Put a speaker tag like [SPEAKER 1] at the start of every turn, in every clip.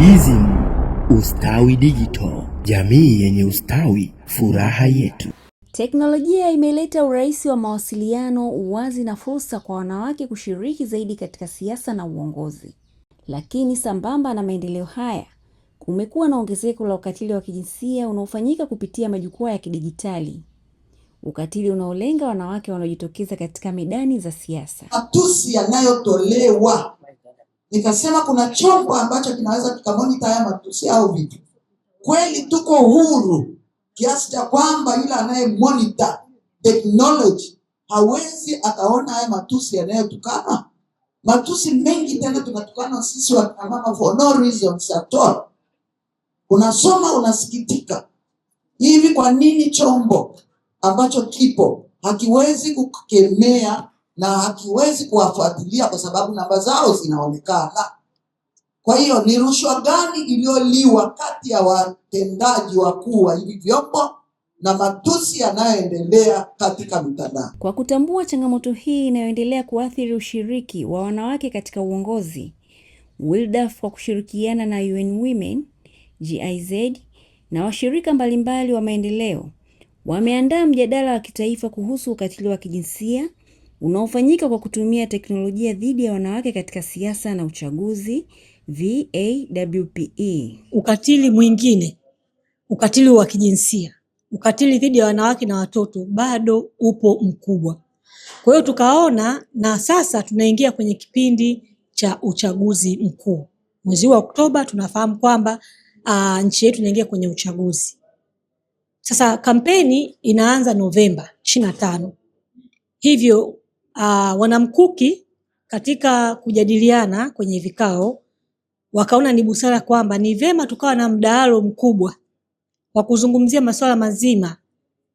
[SPEAKER 1] Dizim, ustawi digital, jamii yenye ustawi, furaha yetu.
[SPEAKER 2] Teknolojia imeleta urahisi wa mawasiliano, uwazi na fursa kwa wanawake kushiriki zaidi katika siasa na uongozi. Lakini sambamba na maendeleo haya, kumekuwa na ongezeko la ukatili wa kijinsia unaofanyika kupitia majukwaa ya kidijitali, ukatili unaolenga wanawake wanaojitokeza katika medani za siasa.
[SPEAKER 3] Matusi yanayotolewa Nikasema kuna chombo ambacho kinaweza kikamonita haya matusi au vitu. Kweli tuko huru kiasi cha kwamba yule anayemonita technology hawezi akaona haya matusi yanayotukana. Matusi mengi tena tunatukana sisi wa mama for no reasons at all. Unasoma unasikitika. Hivi kwa nini chombo ambacho kipo hakiwezi kukemea na hatuwezi kuwafuatilia kwa sababu namba zao zinaonekana. Kwa hiyo ni rushwa gani iliyoliwa kati ya watendaji wakuu wa hivi vyombo na matusi yanayoendelea katika mitandao?
[SPEAKER 2] Kwa kutambua changamoto hii inayoendelea kuathiri ushiriki wa wanawake katika uongozi, WiLDAF kwa kushirikiana na UN Women, GIZ na washirika mbalimbali wa maendeleo wameandaa mjadala wa kitaifa kuhusu ukatili wa kijinsia unaofanyika kwa kutumia teknolojia dhidi ya wanawake katika siasa na uchaguzi VAWPE.
[SPEAKER 4] Ukatili mwingine, ukatili wa kijinsia, ukatili dhidi ya wanawake na watoto bado upo mkubwa. Kwa hiyo tukaona, na sasa tunaingia kwenye kipindi cha uchaguzi mkuu mwezi wa Oktoba. Tunafahamu kwamba uh, nchi yetu inaingia kwenye uchaguzi. Sasa kampeni inaanza Novemba ishirini na tano, hivyo uh, wanamkuki katika kujadiliana kwenye vikao wakaona ni busara kwamba ni vema tukawa na mdahalo mkubwa wa kuzungumzia masuala mazima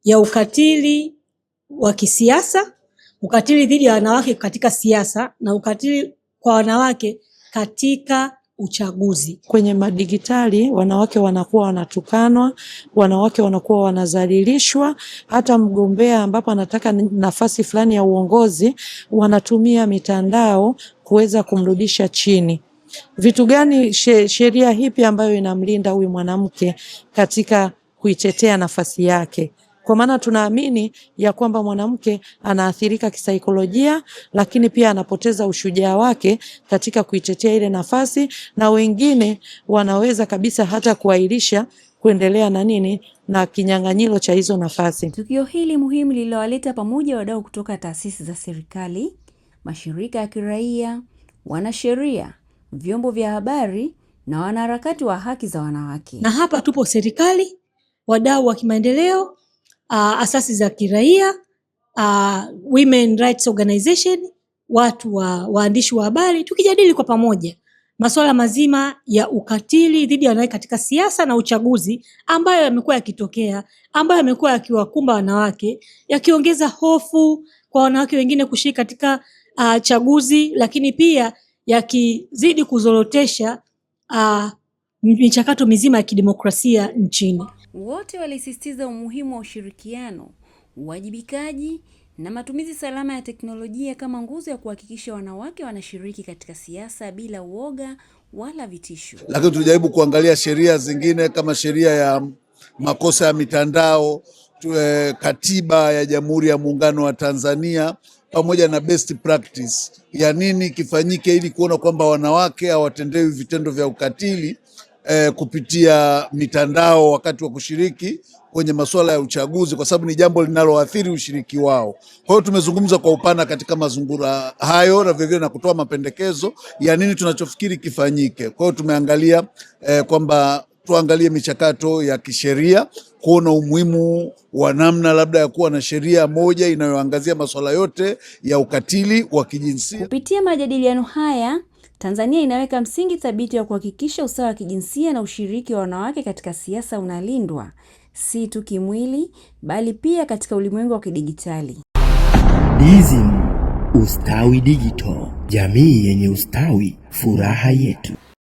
[SPEAKER 4] ya ukatili wa kisiasa, ukatili dhidi ya wanawake katika siasa na ukatili kwa wanawake katika uchaguzi.
[SPEAKER 5] Kwenye madigitali wanawake wanakuwa wanatukanwa, wanawake wanakuwa wanazalilishwa. Hata mgombea ambapo anataka nafasi fulani ya uongozi, wanatumia mitandao kuweza kumrudisha chini. Vitu gani sheria hipi ambayo inamlinda huyu mwanamke katika kuitetea nafasi yake? Kwa maana tunaamini ya kwamba mwanamke anaathirika kisaikolojia, lakini pia anapoteza ushujaa wake katika kuitetea ile nafasi, na wengine wanaweza kabisa hata kuahirisha kuendelea na nini na kinyang'anyiro cha hizo nafasi.
[SPEAKER 2] Tukio hili muhimu lililowaleta pamoja wadau kutoka taasisi za serikali, mashirika ya kiraia, wanasheria, vyombo vya habari na wanaharakati wa haki za wanawake.
[SPEAKER 4] Na hapa tupo serikali, wadau wa kimaendeleo uh, asasi za kiraia uh, women rights organization, watu wa waandishi wa habari, tukijadili kwa pamoja masuala mazima ya ukatili dhidi ya wanawake katika siasa na uchaguzi ambayo yamekuwa yakitokea, ambayo yamekuwa yakiwakumba wanawake, yakiongeza hofu kwa wanawake wengine kushiriki katika uh, chaguzi, lakini pia yakizidi kuzorotesha uh, michakato mizima ya kidemokrasia nchini.
[SPEAKER 2] Wote walisisitiza umuhimu wa ushirikiano, uwajibikaji na matumizi salama ya teknolojia kama nguzo ya kuhakikisha wanawake wanashiriki katika siasa bila uoga wala vitisho.
[SPEAKER 6] Lakini tulijaribu kuangalia sheria zingine kama sheria ya makosa ya mitandao, eh, katiba ya Jamhuri ya Muungano wa Tanzania pamoja na best practice ya nini kifanyike ili kuona kwamba wanawake hawatendewi vitendo vya ukatili eh, kupitia mitandao wakati wa kushiriki kwenye masuala ya uchaguzi, kwa sababu ni jambo linaloathiri ushiriki wao. Kwa hiyo tumezungumza kwa upana katika mazungura hayo na vilevile na kutoa mapendekezo ya nini tunachofikiri kifanyike. Kwa hiyo tumeangalia eh, kwamba tuangalie michakato ya kisheria kuona umuhimu wa namna labda ya kuwa na sheria moja inayoangazia masuala yote ya ukatili wa kijinsia.
[SPEAKER 2] Kupitia majadiliano haya Tanzania inaweka msingi thabiti wa kuhakikisha usawa wa kijinsia na ushiriki wa wanawake katika siasa unalindwa, si tu kimwili, bali pia katika ulimwengu wa kidijitali.
[SPEAKER 1] DSM Ustawi Digital, jamii yenye ustawi, furaha yetu.